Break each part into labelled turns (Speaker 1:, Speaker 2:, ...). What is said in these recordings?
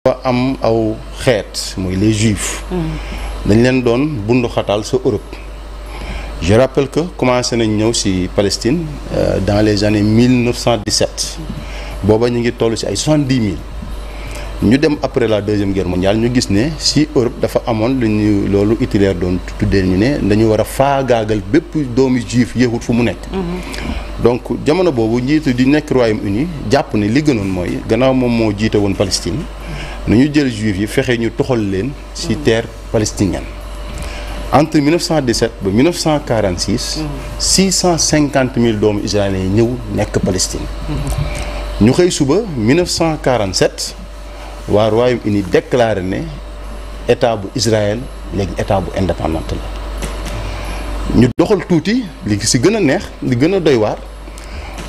Speaker 1: dafa am aw xeet mooy les juifs dañ leen doon bundu sa Europe je rappelle commencé nañ ñëw ci Palestine euh, dans les années 1917 booba ñu ngi toll ci ay soixante-dix mille ñu dem après la deuxième guerre mondiale ñu gis ne si Europe dafa amoon lu ñu loolu Hitler doon tuddee ñu ne dañu war a faagaagal bépp doomu juif yéexut fu mu nekk.
Speaker 2: Mhm.
Speaker 1: donc jamono boobu njiitu di nekk Royaume-Uni jàpp ne li gënoon mooy gannaaw moom moo jiite woon Palestine nu ñu jël juif yi fexe ñu toxal leen. si mhm. terre palestinienne. entre 1917 ba 1946. 650 000 doomu israéliens ñëw nekk Palestine.
Speaker 2: Mhm.
Speaker 1: ñu xëy suba 1947. waa Royaume-Uni déclaré ne état bu Israël léegi état bu indépendante la ñu doxal tuuti li si gën a neex li gën a doy waar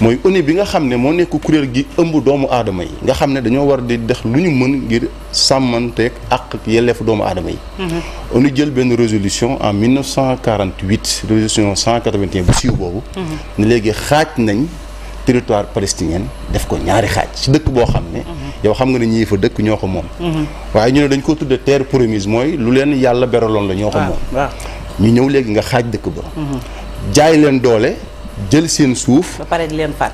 Speaker 1: mooy ONU bi nga xam ne moo nekk kuréel gi ëmb doomu aadama yi nga xam ne dañoo war di def lu ñu mën ngir sàmmanteeg ak yelleefu doomu aadama yi. Mm-hmm. ONU jël benn résolution en 1948 résolution 181 bu siiw boobu. Mm-hmm. ne léegi xaaj nañ territoire palestinien def ko ñaari xaaj si dëkk boo xam ne. Mm-hmm. yow xam nga ne ñii fa dëkk ñoo ko moom mhm. waaye ñu ne dañ ko tudde terre promise mooy lu leen yàlla beraloon la ñoo ko ah, moom ñu ñëw léegi nga xaaj dëkk ba mhm. jaay leen doole jël seen suuf ba pare leen faat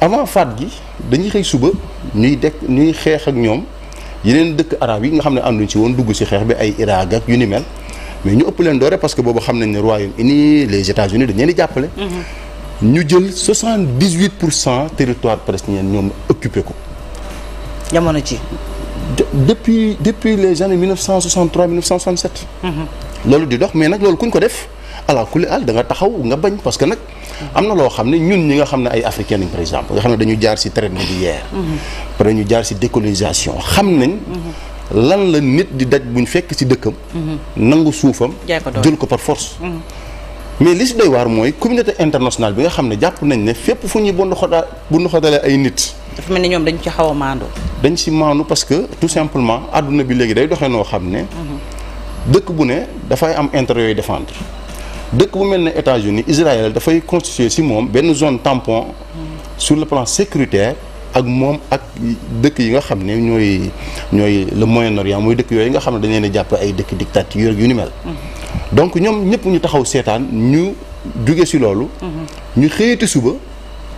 Speaker 1: avant faat gi dañuy xëy suba ñuy dekk ñuy xeex ak ñoom yeneen dëkk arab yi nga xam ne ànduñ ci woon dugg ci xeex bi ay Irak ak yu ni mel mais ñu ëpp leen doole parce que boobu xam nañ ne Royaume-Uni les États-Unis dañ leen di jàppale
Speaker 2: mhm.
Speaker 1: ñu jël soixante-dix-huit pour cent territoire palestinien ñoom occupé ko jamono ci depuis depuis les années 1963 1967 mhm. loolu di dox mais nag loolu kuñ ko def ala kulli al da nga taxaw nga bañ parce que nag am na loo xam ne ñun ñi nga xam ne ay africain par exemple nga xam ne dañu jaar ci traite négrière mhm. pare ñu jaar ci décolonisation xam nañ mhm. lan la nit di daj buñ fekk ci dëkkam nangu suufam jël ko par force mais li si doy waar mooy communauté internationale bi nga xam ne jàpp nañ ne fépp fu ñuy bund xodaa bund xodalee ay nit. dafa mel ni ñoom dañ ci xaw a maandu. dañ si maandu parce que tout simplement àdduna bi léegi day doxee noo xam ne. Mhm. dëkk bu ne dafay am intérêt yooyu defendre dëkk bu mel ne États-Unis Israël dafay constituer si moom benn zone tampon. Mhm. sur le plan sécuritaire. ak moom ak dëkk yi nga xam ne ñooy ñooy le Moyen-Orient mooy dëkk yooyu nga xam ne dañ leen jàpp ay dëkk dictature yu ni mel. Mm-hmm. donc ñoom ñëpp ñu taxaw seetaan ñu jóge ci loolu. Mm-hmm. ñu xëyati suba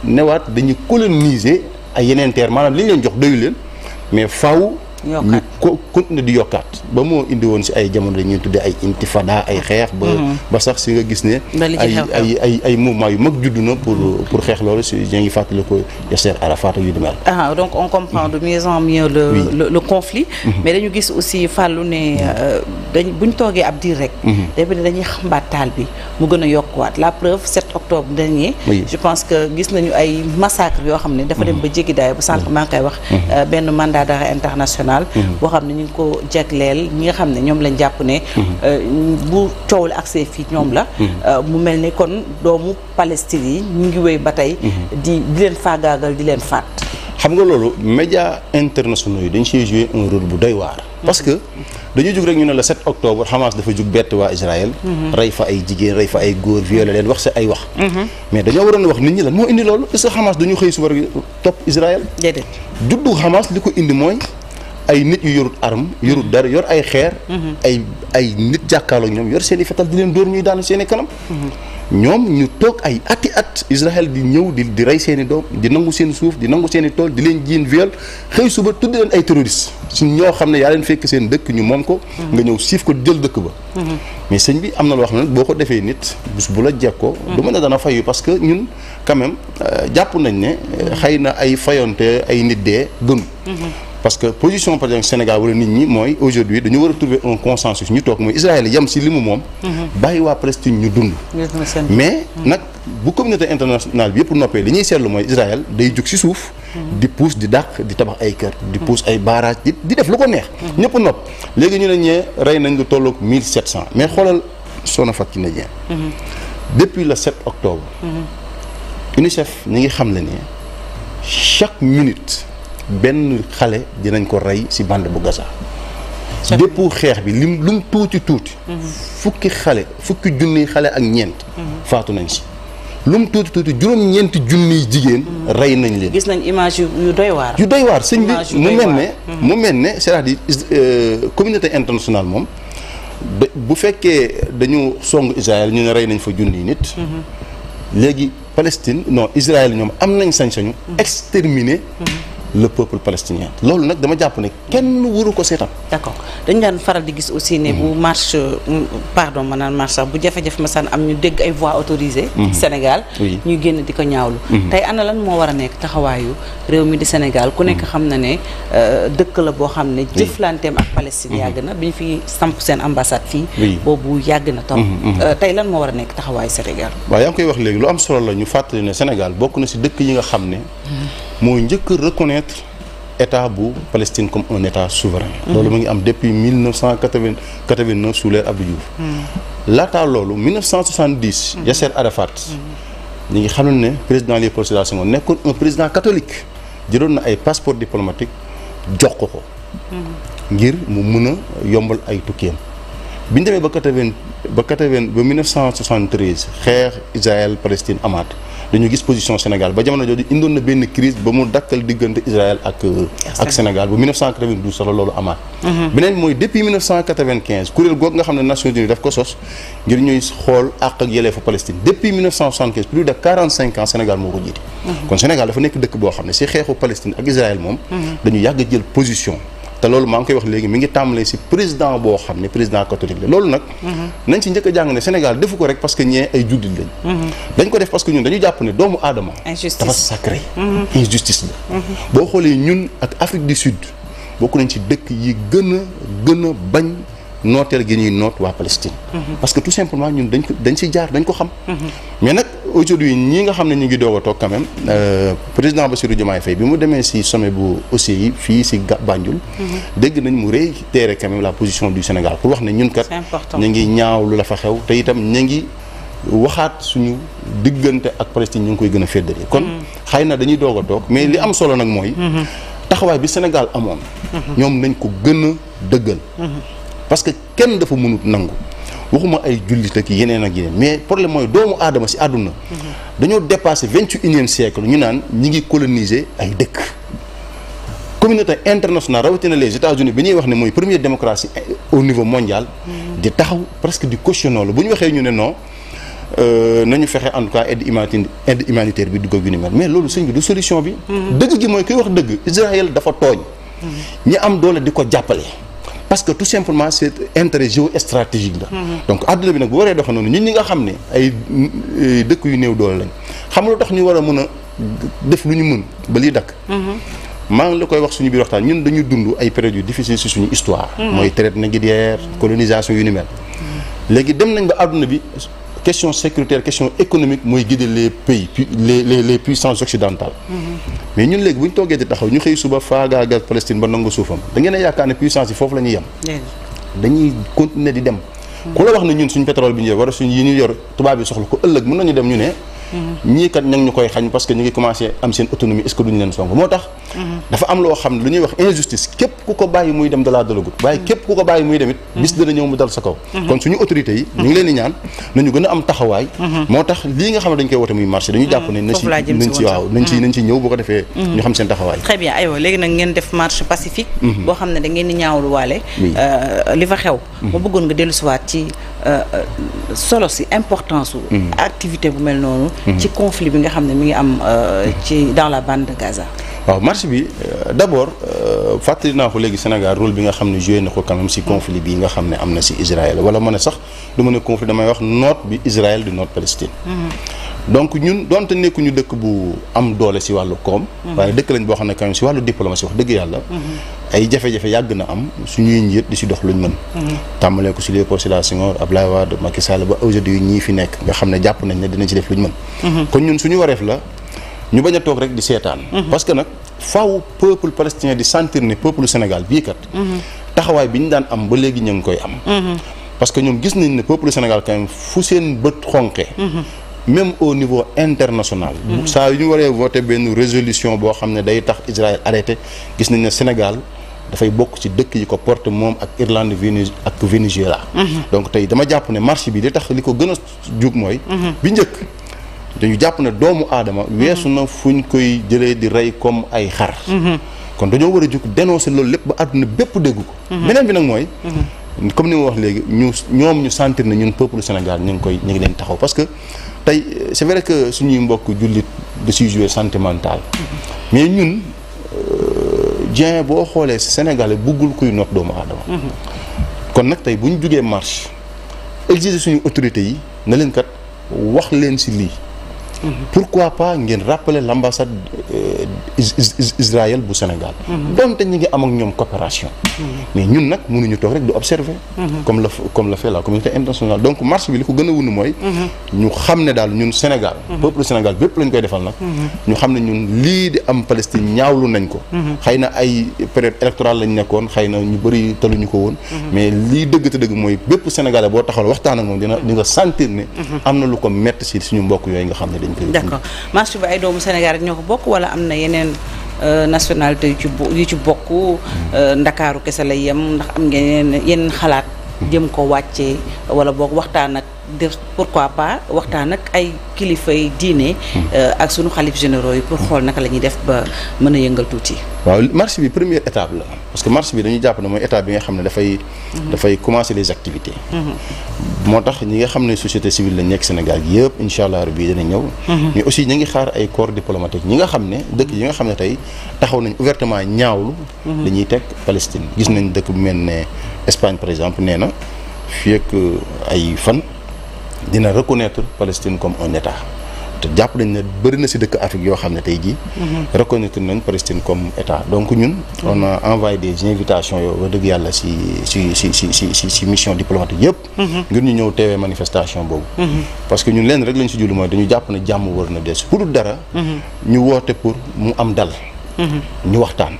Speaker 1: newaat dañu coloniser ay yeneen terre maanaam li ñu leen jox doyu leen mais faw yokkaat ñu continuer di yokkaat ba moo indi woon si ay jamono dañuy tudde ay intifada ay xeex. ba mm-hmm. ba sax si nga gis ne. ay ay ay ay mouvement yu mag juddu na pour pour xeex loolu si yaa ngi fàttali ko Yasser Arafat yu demee.
Speaker 3: ah donc on comprend de mieux en mieux le le le conflit. Mm-hmm. mais dañu gis aussi fàllu ne mm-hmm. euh, dañ buñ toogee ab diir rek. dañuy xambaat taal bi mu gën a yokkuwaat la preuve 7 octobre dernier. je pense que gis nañu ay massacre yoo xam ne. dafa dem ba jéggi daay ba sànq maa ngi koy wax. Euh, benn nationale. Mhm. boo xam ne ñu ngi ko jagleel ñi nga xam ne ñoom lañ jàpp ne. Mhm. Euh, bu coow la accès fii ñoom la. Mhm. Euh, mu mel ni kon doomu Palestine yi ñu ngi wéy ba tey.
Speaker 1: di di leen faagaagal di leen faat. xam nga loolu médias internationaux yi dañ ñu la 7 octobre Hamas dafa jug bett waa Israël. rey fa ay jigéen rey fa ay góor violé leen wax sa ay wax. mais dañoo waroon wax nit ñi lan moo indi loolu est-ce dañu xëy suba topp Israël. juddu Hamas li ko indi mooy. ay nit yu yorut arme yorut dara yor ay xeer. Mhm. ay ay nit jàkkaarloo ñoom yor seeni i fetal di leen dóor ñuy daanu seen i kanam. Mhm. ñoom ñu toog ay ati at Israël di ñëw di di rey seen i doom di nangu seen suuf di nangu seen tool di leen jiin viol xëy suba tudd leen ay terroristes suñ ñoo xam ne yaa leen fekk seen dëkk ñu moom ko. Mhm. nga ñëw siif ko jël dëkk ba. mais sëñ bi am na loo xam ne boo ko defee nit bés bu la jekkoo. du mën a dana fayu parce que ñun quand euh, jàpp nañ ne. xëy na ay fayonte ay nit dee parce que position par exemple Sénégal wala nit ñi mooy aujourd'hui dañu war a trouver un consensus ñu toog mooy Israël yem si li mu moom bàyyi waa Palestine ñu dund
Speaker 2: mais nag
Speaker 1: bu communauté internationale bi yëpp noppee li ñuy seetlu mooy Israël day jug si suuf di pousse di dàq di tabax ay kër di pousse ay barrage di def lu ko neex ñëpp nopp léegi ñu ne ñee rey nañ lu tolloog mille sept cent mais xoolal Sohna Fatou Kine Dieng depuis le 7 octobre mhm. UNICEF ñi ngi xam le ne chaque minute benn xale dinañ ko rey ci band bu Gaza dépp xeex bi lim lu tuuti tuuti mhm. fukki xale fukki junniy xale ak ñeent mhm. faatu nañ ci lum tuuti tuuti juróom-ñeenti junniy jigéen mhm. rey nañ leen
Speaker 3: gis nañ image yu doy waar
Speaker 1: yu doy waar sëñ bi mu mel ne mu mel ne c'est-à-dire euh, communauté internationale moom bu fekkee dañu song Israël ñu ne rey nañ fa junniy nit léegi Palestine non Israël ñoom am nañ sañ-sañu exterminer le peuple palestinien loolu nag dama jàpp ne kenn waru ko seetaan. d'accord dañu daan faral di gis aussi ne bu mhm. marche pardon ma naan
Speaker 3: marche sax bu jafe-jafe ma saan am ñu dégg ay voix autorisées. Mhm. Sénégal ñu génn di ko ñaawlu. Mhm. tey ana lan moo war a nekk taxawaayu réew mi di Sénégal ku nekk xam na ne euh, dëkk la boo xam ne. jëflanteem ak Palestine yàgg na bi ñu fi samp seen ambassade fii. boobu yàgg na tam. Euh, tey lan moo war a nekk taxawaayu Sénégal.
Speaker 1: waaw yaa ngi koy wax léegi lu am solo la ñu fàttali ne Sénégal bokk na ci dëkk yi nga xam ne. moo njëkk reconnaître état bu Palestine comme un état souverain. Mhm. loolu mu ngi am depuis 1989 sous l'ère Abdou Diouf. Mhm. laataa loolu 1970. Mhm. Yasser Arafat. ñi ngi xam ne président Léopold Sédar Senghor nekkoon un président catholique jëloon na ay passeport diplomatique jox ko ko. ngir mu mën a yombal ay tukkeem. bi ñu ba 80 ba 80 ba 1973 xeex Israël Palestine amaat. dañu gis position Sénégal ba jamono jooju indoon na benn crise ba mu dakkal diggante Israël ak euh, Sénégal ba 1992 loolu amaat mhm. beneen mooy depuis depuis 1975 plus de 45 Sénégal moo ko jiite mhm. kon Sénégal dafa nekk dëkk boo xam ne si xeexu Palestine ak Israël moom mhm. dañu yàgg jël position te loolu maa ngi koy wax léegi mi ngi tàmbalee si président boo xam ne président catholique la loolu nag nañ si njëkk a jàng ne Sénégal defu ko rek parce que ñee ay jullit lañ dañ ko def parce que ñun dañu jàpp ne doomu aadama
Speaker 2: dafa sacré mhm. injustice mhm.
Speaker 1: ci dëkk yi gën a gën a bañ nooteel gi ñuy noot waa Palestine mhm. parce tout simplement ñun dañ ko dañ si jaar dañ ko xam mais nag aujourd'hui ñi nga xam ne ñu ngi doog a toog quand même euh, président Bassirou Diomaye Faye bi mu demee si sommet bu OCI yi fii ci Banjul mhm. dégg nañ mu réitérer quand même la position du Sénégal pour wax ne ñun kat ñu ngi ñaaw lu la fa xew te itam ñu ngi waxaat suñu diggante ñu ngi koy gën a féddali kon mhm. xëy na dañuy doog a mais li am solo nag mooy mhm. taxawaay bi Sénégal amoon ñoom nañ ko gën a dëggal parce que kenn dafa mënut nangu waxuma ay jullit ak yeneen ak yeneen mais problème mooy doomu aadama si àdduna dañoo dépassé vingt et siècle ñu naan ñi ngi coloniser ay dëkk communauté internationale rawatina les États-Unis bi ñuy wax ne mooy première démocratie au niveau mondial di taxaw presque di cautionner la bu ñu waxee ñu ne non euh, nañu fexe en tout cas aide humanitaire aide bi dugg ak yu ni mel mais loolu sëñ bi du solution bi mhm. dëgg gi mooy kuy wax dëgg Israël dafa tooñ mhm. ñi am doole parce que tout simplement c' est intérêt géostratégique la. Mhm. donc àdduna bi nag bu waree dox noonu ñun ñi nga xam ne ay dëkk yu néew doole lañ xam lu tax ñu war a mën a def lu ñu mën ba lii dakk mhm. maa ngi la koy wax suñu biir waxtaan ñun dañu dund ay période yu difficile si suñu histoire. Mhm. mooy traite négrière colonisation yu ni mel. léegi dem nañ ba àdduna bi. question sécuritaire question économique mooy guider les pays les les les puissances mm-hmm. mais ñun léegi bu ñu toogee di taxaw ñu xëy suba faagaagal Palestine ba nangu suufam da ngeen yaakaar ne puissance yi foofu la ñuy yem. dañuy continuer di dem. Mm-hmm. ku la wax ne ñun suñu pétrole bi ñu yor wala suñu yi ñu yor tubaab yi soxla ko ëllëg mën nañu dem ñu ne. ñii kat ña ngi ñu koy xañ parce ñu ngi commencé am seen autonomie est-ce que duñu leen song moo tax dafa am loo xam ne lu ñuy wax injustice képp ku ko bàyyi muy dem dalaa dalagut waaye képp ku ko bàyyi muy demit bis dana ñëw mu dal sa kaw kon suñu autorités yi ñu leen di ñaan nañu gën a am taxawaay moo tax lii nga xam ne dañ koy wote muy marché dañu jàpp ne nañ mm. ci ñëw boo ko defee ñu xam seen taxawaay
Speaker 3: très bien aywa léegi nag ngeen def marche pacifique mm-hmm. ci conflit bi nga xam ne mi ngi am euh, ci dans la de Gaza.
Speaker 1: waaw marche bi euh, d' abord euh, fàttali naa ko léegi Sénégal rôle bi nga xam ne joué na ko quand même si conflit bii nga xam ne am na si Israël wala ma ne sax du ma ne conflit damay wax noot bi Israël di noot Palestine.
Speaker 2: Mm-hmm.
Speaker 1: donc ñun donte nekkuñu dëkk bu am doole si wàllu koom. Mm-hmm. waaye dëkk lañ boo xam ne quand même wàllu diplomatie wax dëgg yàlla.
Speaker 2: Mm-hmm.
Speaker 1: ay jafe-jafe yàgg na am suñuy njiit di si dox luñ mën mhm. tàmbalee ko si Léopold Sédar Senghor Abdoulaye Wade Macky Sall ba aujourd'hui ñii fi nekk nga xam ne jàpp nañ ne dinañ si def luñ mën mhm. kon ñun suñu wareef la ñu bañ a toog rek di seetaan mhm. parce que nag faaw peuple palestinien di sentir ne peuple Sénégal bii kat taxawaay bi ñu daan am ba léegi ñu ngi koy am parce que ñoom gis nañ ne peuple Sénégal quand même fu seen bët xonqe même au niveau international saa yu ñu waree voté benn résolution boo xam ne day tax Israël arrêté gis nañ ne Sénégal dafay bokk ci dëkk yi ko porte moom ak Irlande Vénu ak Venezuela mhm. donc tey dama jàpp ne marche bi li tax li ko gën a jug mooy mhm. bi njëkk dañu jàpp ne doomu aadama mhm. weesu na fuñ koy jëlee di rey comme ay xar kon dañoo war a jug dénoncer loolu lépp ba àdduna bépp dégg ko beneen bi nag mooy comme ni ma wax léegi ñu ñoom ñu sentir na ñun peuple Sénégal ñu ngi koy ñu ngi leen taxaw parce que tey c'est vrai que suñuy mbokk jullit da siy jouer mais ñun Dieng boo xoolee Sénégalais buggul kuy noot doomu aadama. Mhm. kon nag tey bu ñu jugee marche exiger suñu autorités yi na leen kat wax leen si lii. pourquoi pas ngeen rappeler l' ambassade euh, Israël bu Sénégal. Mhm. donte ñu ngi am ak ñoom coopération. Mhm. mais ñun nag mënuñu toog rek du observer. Mhm. comme la comme la fait la communauté internationale donc marche bi li ko gën a wunu mooy. ñu xam ne daal ñun Sénégal. peuple Sénégal bépp lañ koy defal nag. ñu xam ne ñun lii di am Palestine ñaawlu nañ ko. xëy na ay période électorale lañ nekkoon xëy na ñu bëri taluñu ko woon. mais lii dëgg te dëgg mooy bépp Sénégalais boo taxawal waxtaan lañ koy.
Speaker 3: marché bi ay doomu Sénégal rek ñoo ko bokk wala am na yeneen euh, nationalité yu ci ci bokk. Euh, ndakaaru kese lay yem ndax am ngeen yeneen xalaat. jëm ko wàccee wala boog waxtaan ak. def pourquoi pas waxtaan ak ay kilifay diine. Euh, ak sunu xalif généraux yi
Speaker 1: pour xool naka la ñuy def ba mën a yëngal tuuti. waaw marche bi première étape la parce que marche bi dañu jàpp ne mooy étape bi nga xam ne dafay. Mhm. dafay commencer les activités. Mhm. moo tax ñi nga xam ne société civile lañ nekk Sénégal gi yëpp incha allah rabi dana ñëw. Mhm. mais aussi ñu ngi xaar ay corps diplomatiques ñi nga xam ne dëkk yi nga xam ne tey taxaw nañ ouvertement ñaawlu. dañuy teg Palestine dina reconnaître Palestine comme un état te jàpp nañ ne bëri si dëkk Afrique yoo xam ne tey jii. Mhm. reconnaître nañ Palestine comme état donc ñun. Mhm. on a envoyé des invitations yoo wax dëgg yàlla si si si si si mission diplomatique yëpp. Mhm. ngir ñu ñëw teewee manifestation boobu. parce que ñun lenn rek lañ si jullu mooy dañu jàpp ne jàmm war na des pour dara. ñu woote pour mu am dal. ñu waxtaan.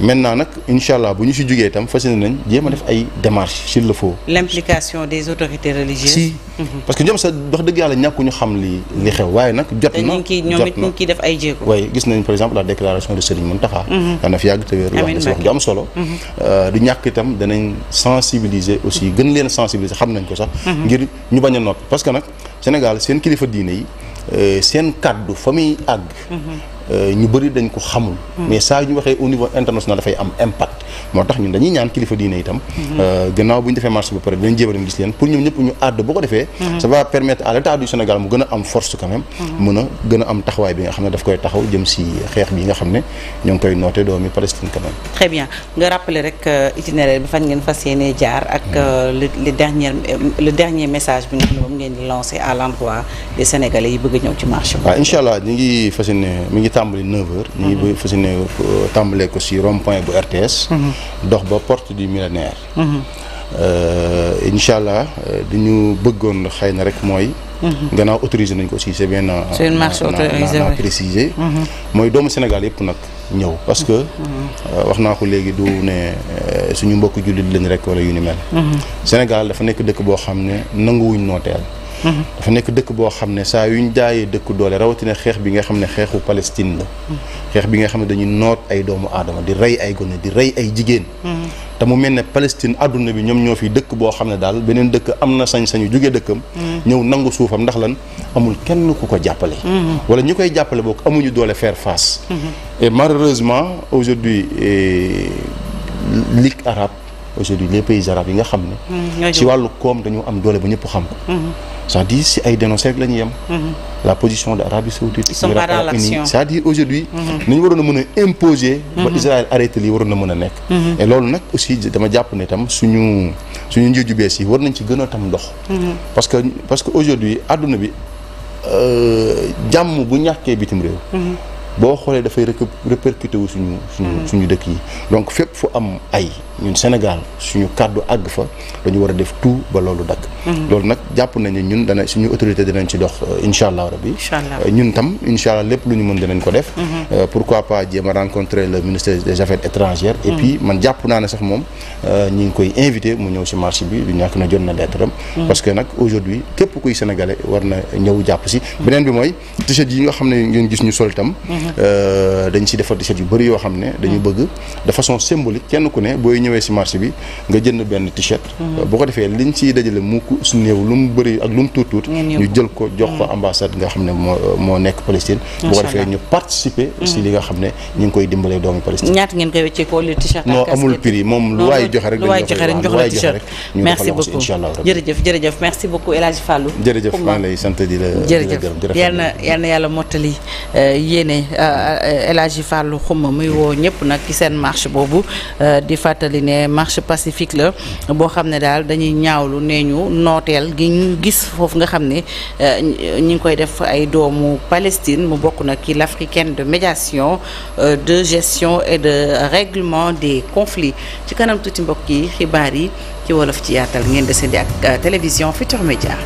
Speaker 1: maintenant nag incha allah bu ñu si jógee itam fas yéene nañ jéem a def ay démarches s'il le faut.
Speaker 3: l'implication des autorités religieuses. si mhm. parce
Speaker 1: que ñoom sax wax dëgg yàlla ñàkkuñu xam li li xew waaye nag. jot na jot na ñoom it ñu ngi
Speaker 3: ciy def ay jéego. waaye
Speaker 1: gis nañ par exemple la déclaration de Serigne Mountakha. Mhm. daanaka fi yàgg te wér wax wax ju am solo. Mhm. Euh, du ñàkk itam danañ sensibiliser aussi gën leen sensibiliser xam nañ ko sax. ngir ñu bañ a noppi parce que nag Sénégal seen kilifa diine yi euh, seen kàddu fa muy àgg. Euh, ñu bëri dañ ko xamul. Mm. mais saa yu ñu waxee au niveau international dafay am impact. moo tax ñun dañuy ñaan kilifa diine itam. Mm-hmm. Euh, gannaaw bu ñu defee marché ba pare dinañ jéem a dem gis leen pour ñoom ñëpp ñu àdd bu ko defee. Mm-hmm. ça va permettre à l' Sénégal mu gën a am force quand mm-hmm. mën a gën a am taxawaay bi nga xam ne daf koy taxaw jëm si xeex bi nga xam ne ñoo koy noote doomi Palestine quand
Speaker 3: très bien nga rappelé rek euh, itinéraire bi fan ngeen fas yéenee
Speaker 1: mm. a tàmbali 9h. ñu ngi tàmbalee ko si rond point bu RTS. Mhm. dox ba porte du millénaire. Mhm. Euh, incha allah euh, ñu bëggoon xëy na rek mooy. Mhm. gannaaw autorisé nañ ko aussi c'est bien. Euh, c'est une marche autorisée naa mooy doomu Sénégal yëpp nag ñëw parce wax naa ko léegi du ne suñu mbokk jullit lañ rek wala yu ni mel. Sénégal dafa nekk dëkk boo xam ne nanguwuñ nooteel. dafa nekk dëkk boo xam ne saa yu ñu jaayee dëkk doole rawatina xeex bi nga xam ne xeexu Palestine la. xeex bi nga xam ne dañuy noot ay doomu aadama di rey ay gone di rey ay jigéen. te mu mel ne Palestine àdduna bi ñoom ñoo fi dëkk boo xam ne daal beneen dëkk am na sañ-sañu jóge dëkkam. ñëw nangu suufam ndax lan amul kenn ku ko jàppale. wala ñu koy jàppale boog amuñu doole faire face. et malheureusement aujourd'hui eh, Ligue arabe aujourd'hui les pays arabes yi nga xam ne.
Speaker 2: Mm-hmm. ci wàllu
Speaker 1: koom dañoo am doole ba ñëpp xam c'est-à-dire si ay dénoncé rek la mhm. la position de l'Arabie saoudite. ils sont aujourd'hui mhm. ni waroon a mën a imposer. ba mhm. Israël arrêté waroon na mën a nekk. loolu nag aussi dama jàpp ne tam suñu suñu njiit yu bees yi war nañ ci gën a tam ndox. parce que parce que aujourd'hui àdduna bi euh, jàmm bu ñàkkee bitim réew. boo xoolee dafay répercuté wu suñu suñu mm. suñu dëkk yi donc fépp fu am ay ñun Sénégal suñu kàddu àgg fa dañu war a def tout ba loolu dakk mm-hmm. loolu nag jàpp nañu ñun dana suñu autorité dinañ ci dox euh, incha allah rabbi euh, ñun tam incha allah lépp lu ñu mën dinañ ko def mm-hmm. euh, pourquoi pas jéem a rencontrer le ministre des affaires étrangères et mm. puis man jàpp naa ne sax moom ñi ngi koy invité mu ñëw si marché bi du ñàkk na jot na lettre am mm. parce que nag aujourd'hui képp kuy sénégalais war na ñëw jàpp si beneen bi mooy t yi nga xam ne ngeen gis ñu sol tam mm-hmm. Euh, dañ si defar t-shirt yu bëri yoo xam ne dañu bëgg de façon symbolique kenn ku ne booy ñëwee si marché bi nga jën benn t-shirt mm-hmm. boo ko defee liñ siy dajale mu ko néew lu mu bari ak lu mu tuut tuut ñu jël ko jox ko mm-hmm. ambassade nga xam ne moo moo nekk Palestine boo ko defee ñu participer si mm-hmm. li nga xam ne ñu ngi koy dimbalee doomu Palestine
Speaker 3: ñaata ngeen koy wéccee ko li t-shirt non amul
Speaker 1: prix moom lu waay joxe rek lu waay joxe rek jox la t-shirt merci ngi lay sant di la
Speaker 3: jërëjëf Euh, El Hadji Fallou Xuma muy woo ñëpp nag ci seen marche boobu euh, di fàttali ne marche pacifique la boo xam ne daal dañuy ñaawlu nee ñu nooteel gi ñu gis foofu nga xam ne euh, ñi ngi koy def ay doomu Palestine mu bokk nag ci l'africaine de médiation de gestion et de règlement des conflits ci kanam tuuti mbokk yi xibaar yi ci wolof ci yaatal ngeen desandi ak télévision Futurs média